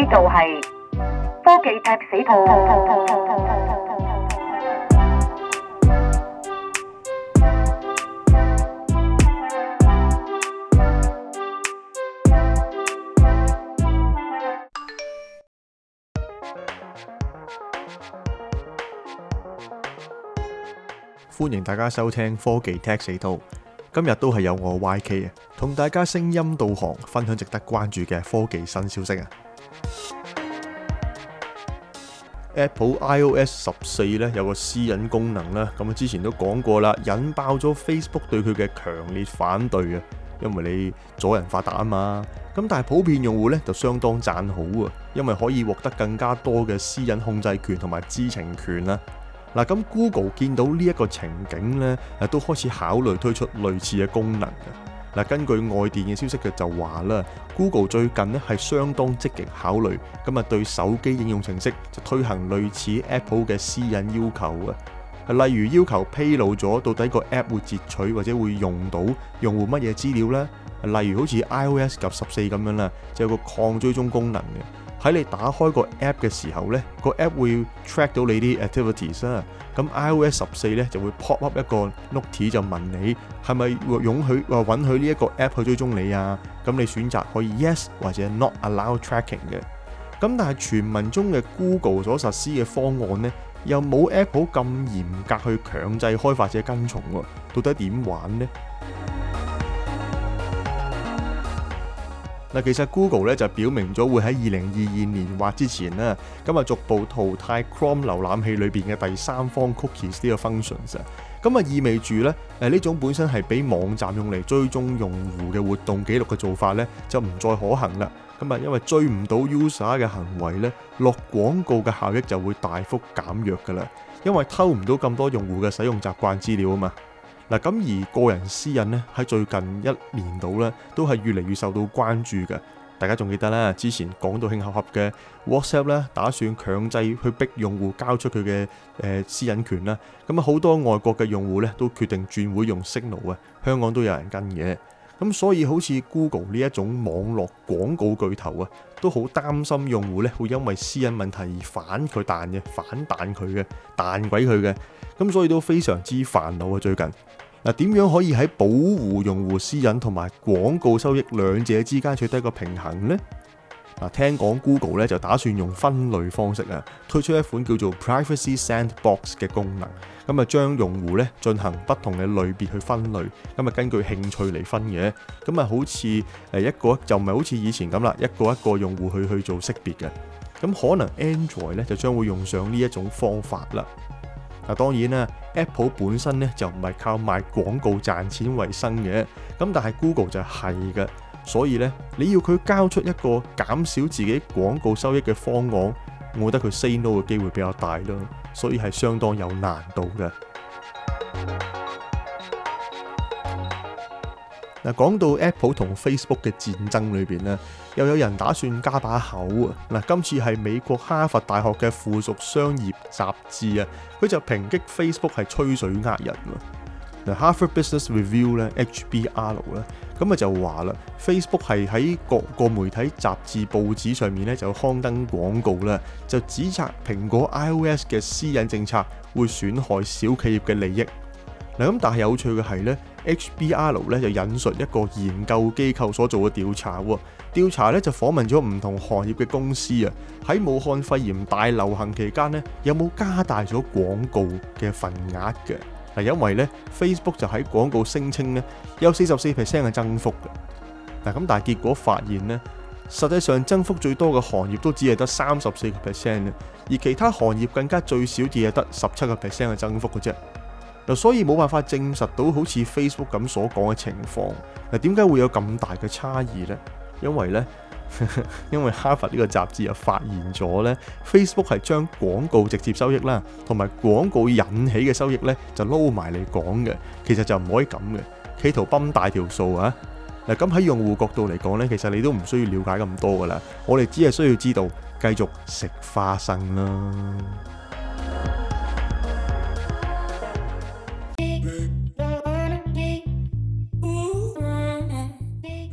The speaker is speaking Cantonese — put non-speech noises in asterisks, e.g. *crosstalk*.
呢度係科技 Tech 死套，歡迎大家收聽科技 Tech 死套。今日都係有我 YK 同大家聲音導航，分享值得關注嘅科技新消息啊！Apple iOS 十四咧有個私隱功能啦，咁啊之前都講過啦，引爆咗 Facebook 對佢嘅強烈反對啊，因為你阻人發達啊嘛。咁但係普遍用戶咧就相當讚好啊，因為可以獲得更加多嘅私隱控制權同埋知情權啦。嗱，咁 Google 見到呢一個情景咧，亦都開始考慮推出類似嘅功能。嗱，根據外電嘅消息嘅就話啦，Google 最近咧係相當積極考慮，咁啊對手機應用程式就推行類似 Apple 嘅私隱要求啊，例如要求披露咗到底個 App 會截取或者會用到用戶乜嘢資料呢，例如好似 iOS 及十四咁樣啦，就有個抗追蹤功能嘅。喺你打開個 app 嘅時候，呢個 app 會 track 到你啲 activities 啊。咁 iOS 十四呢就會 pop up 一個 note 就問你係咪容許或允許呢一個 app 去追蹤你啊？咁你選擇可以 yes 或者 not allow tracking 嘅。咁但係傳聞中嘅 Google 所實施嘅方案呢，又冇 Apple 咁嚴格去強制開發者跟從喎。到底點玩呢？嗱，其實 Google 咧就表明咗會喺二零二二年或之前咧，咁啊逐步淘汰 Chrome 瀏覽器裏面嘅第三方 cookies 呢個 functions，咁啊意味住咧，誒呢種本身係俾網站用嚟追蹤用戶嘅活動記錄嘅做法咧，就唔再可行啦。咁啊，因為追唔到 user 嘅行為咧，落廣告嘅效益就會大幅減弱㗎啦，因為偷唔到咁多用戶嘅使用習慣資料嘛。嗱，咁而個人私隱呢，喺最近一年度呢，都係越嚟越受到關注嘅，大家仲記得啦？之前講到興合合嘅 WhatsApp 咧，打算強制去逼用戶交出佢嘅、呃、私隱權啦，咁好多外國嘅用戶呢，都決定轉會用 Signal 啊。香港都有人跟嘅。咁所以好似 Google 呢一種網絡廣告巨頭啊，都好擔心用戶咧會因為私隱問題而反佢彈嘅，反彈佢嘅，彈鬼佢嘅。咁所以都非常之煩惱啊！最近點樣可以喺保護用戶私隱同埋廣告收益兩者之間取得一個平衡呢？嗱，聽講 Google 咧就打算用分類方式啊，推出一款叫做 Privacy Sandbox 嘅功能，咁啊將用戶咧進行不同嘅類別去分類，咁啊根據興趣嚟分嘅，咁啊好似誒一個就唔係好似以前咁啦，一個一個用戶去去做識別嘅，咁可能 Android 咧就將會用上呢一種方法啦。嗱，當然啦，Apple 本身咧就唔係靠賣廣告賺錢為生嘅，咁但係 Google 就係嘅。所以咧，你要佢交出一個減少自己廣告收益嘅方案，我覺得佢 say no 嘅機會比較大咯。所以係相當有難度嘅。嗱，講到 Apple 同 Facebook 嘅戰爭裏面，又有人打算加把口啊！嗱，今次係美國哈佛大學嘅附屬商業雜誌啊，佢就抨擊 Facebook 係吹水呃人喎。嗱，《Harvard Business Review》咧，《HBR》咧，咁啊就話啦，Facebook 係喺各個媒體雜誌報紙上面咧就刊登廣告啦，就指責蘋果 iOS 嘅私隱政策會損害小企業嘅利益。嗱，咁但係有趣嘅係咧，《HBR》咧就引述一個研究機構所做嘅調查喎，調查咧就訪問咗唔同行業嘅公司啊，喺武漢肺炎大流行期間咧有冇加大咗廣告嘅份額嘅？因為咧，Facebook 就喺廣告聲稱咧有四十四 percent 嘅增幅嘅。嗱，咁，但係結果發現咧，實際上增幅最多嘅行業都只係得三十四個 percent 嘅，而其他行業更加最少只係得十七個 percent 嘅增幅嘅啫。嗱，所以冇辦法證實到好似 Facebook 咁所講嘅情況。嗱，點解會有咁大嘅差異咧？因為咧。 *laughs* 因為哈佛呢個雜誌又發現咗呢 Facebook 係將廣告直接收益啦，同埋廣告引起嘅收益呢，就撈埋嚟講嘅，其實就唔可以咁嘅，企圖崩大條數啊！嗱，咁喺用戶角度嚟講呢，其實你都唔需要了解咁多噶啦，我哋只係需要知道繼續食花生啦。